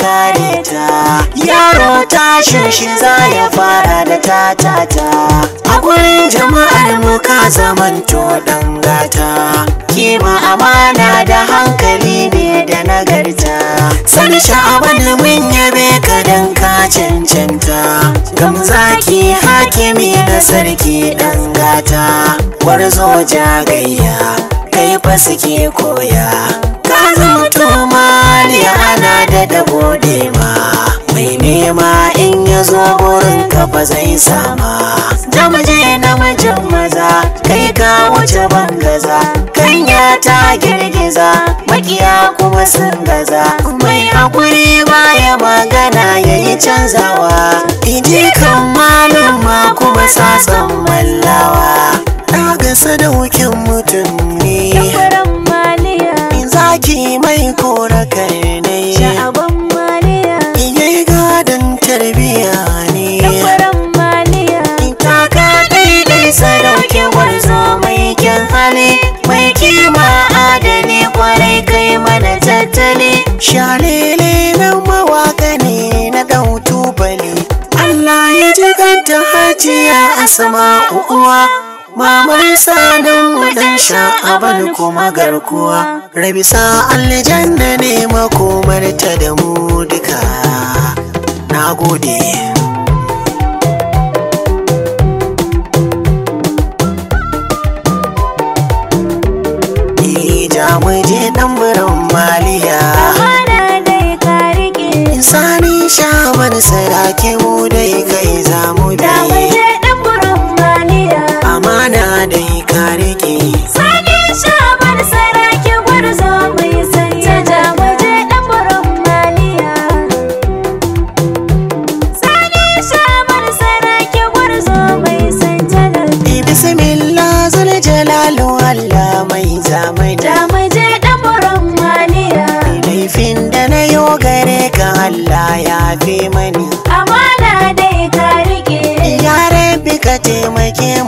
zai ta yaro ta shi za ya fara da tatata a gurin jama'ar muka zaman to dan gata kima amana da hankali ne da nagarta sani sha'aban mun yabe ka dan ka cancanta gamzaki hakimi na sarki dan gata warzo jagayya kai fa suke koya ka zama saniya ana da dabo ma mai nema in ya zo wurin ka ba zai sama na namijin maza kai ka wuce bangaza kanya ta girgiza makiya kuma sun gaza mai hakuri baya magana ya yi canzawa iji kan ma kuma satsan mallawa na gasa da mutum ne zaki mai ne mai kima adani kwarai kai mana tattali shalele na mawaka ne na gautu bali Allah ya ji ganta hajiya asma'u uwa Mamar sanin mu dan sha'aban kuma garkuwa Rabisa aljanna ne makomarta da mu duka Na gode. damai damai je ɗamuran maniya laifin da na yo gare ga Allah ya fi mani amana dai ka rike ya bi ka taimake mu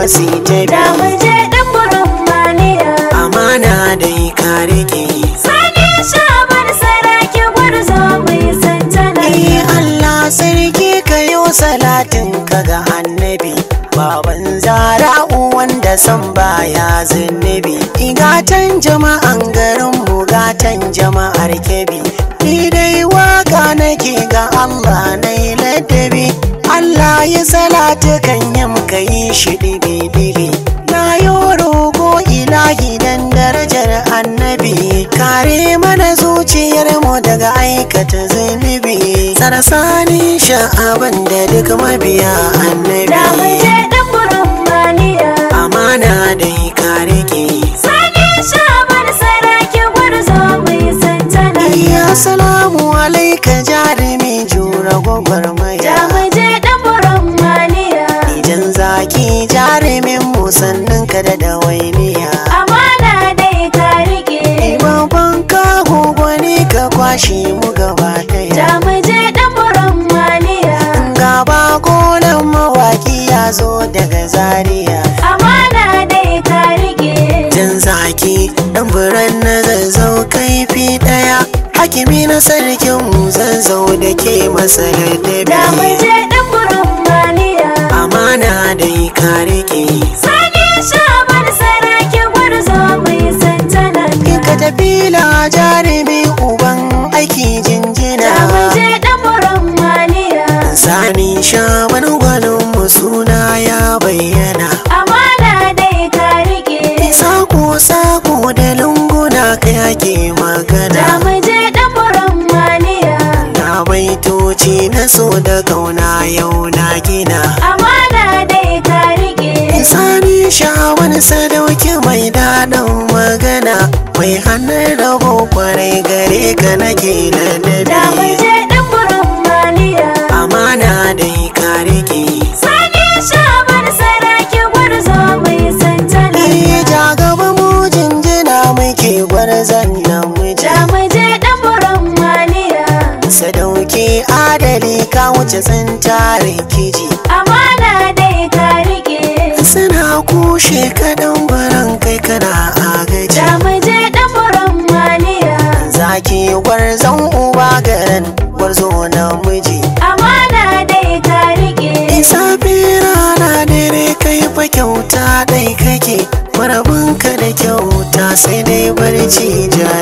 masu tafi da mu je dan burin maniya amana dai ka rike sani shabar sarki gwarzo mai santana eh Allah sarki kayo salatin ka ga annabi baban zara'u wanda san baya zunubi igatan jama'an garin mu gatan jama'ar kebi ni dai waka nake ga Allah nai ladabi Allah ya salatu kan yam ka yi shi ɗibi-ɗibi. Na yi rogo ila gidan darajar annabi, kare mana zuciyar mu daga aikata zunubi, sarasani sha'aban da duk mabiya annabi. na furen na zanzau kaifi ɗaya, hakimi na sarkin mu zau da ke masa ladabi da mai je dan yi maniya amana dai ka rike sage shaba yaƙi magana mu ɗan ɗaburan maniya na baitoci na so da kauna yau na gina amana dai ka riƙe sani shawar sadauki mai daɗin magana mai hannun rabo kwarai gare ka nake dare. mace tsantarin kiji amana dai ka rike suna kushe kadan baran kai kana agaji da muje damuran maliya zaki gwarzon uba garan gwarzo na miji amana dai ka rike isa rana dare kai fa kyauta dai kake marabinka da kyauta sai dai barci jari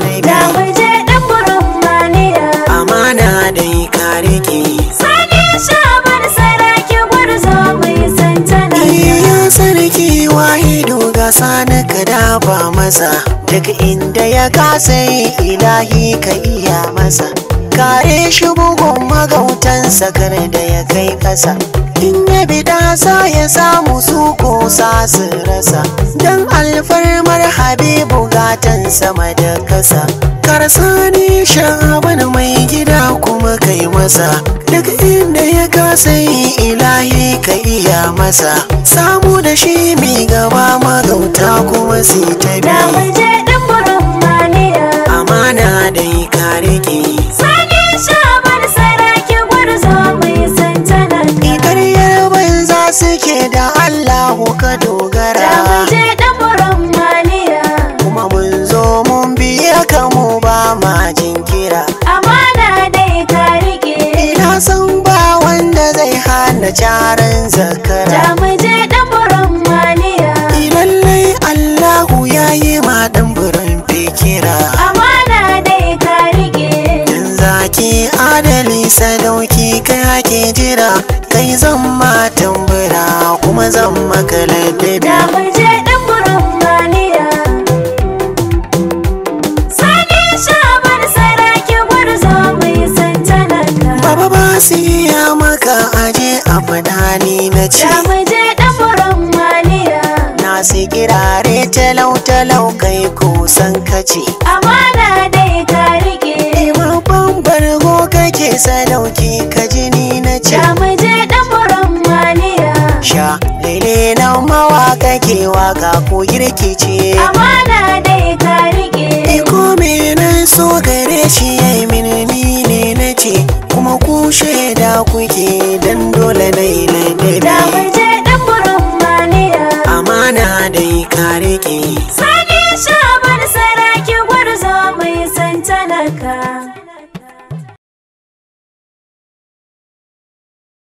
duk inda ya kasa yi ilahi ka iya masa kare shi bugun magautansa kar da ya kai kasa in ya bi sa ya samu su ko su rasa don alfarmar habibu gatan sama da kasa karsani shaban mai gida kuma kai masa duk inda ya kasa yi ilahi ka iya masa samu da shi mai gaba magauta kuma sai ta biyu dai ka rike sani shabar saraki gwarzo mai santana idar yarban za suke da allahu ka dogara je ɗamuran maliya. kuma mun zo mun biya ka mu ba ma jinkira amana dai ka rike ina san ba wanda zai hana jarin zakara kai kai ake jira kai zan matan bira kuma zan maka ladabi da mu je dan gurin sani shabar sarake gwarzo mai santalaka baba ba su ya maka aje a fadani na ce da mu je dan gurin na su kirare talau talau kai kusan kace amana dai ka rike ma ban bargo kake salau waka ko girki ce amana dai ka rike eh, ko me na so gare shi yayi mini ni ne nace kuma ku shaida kuke dan dole na yi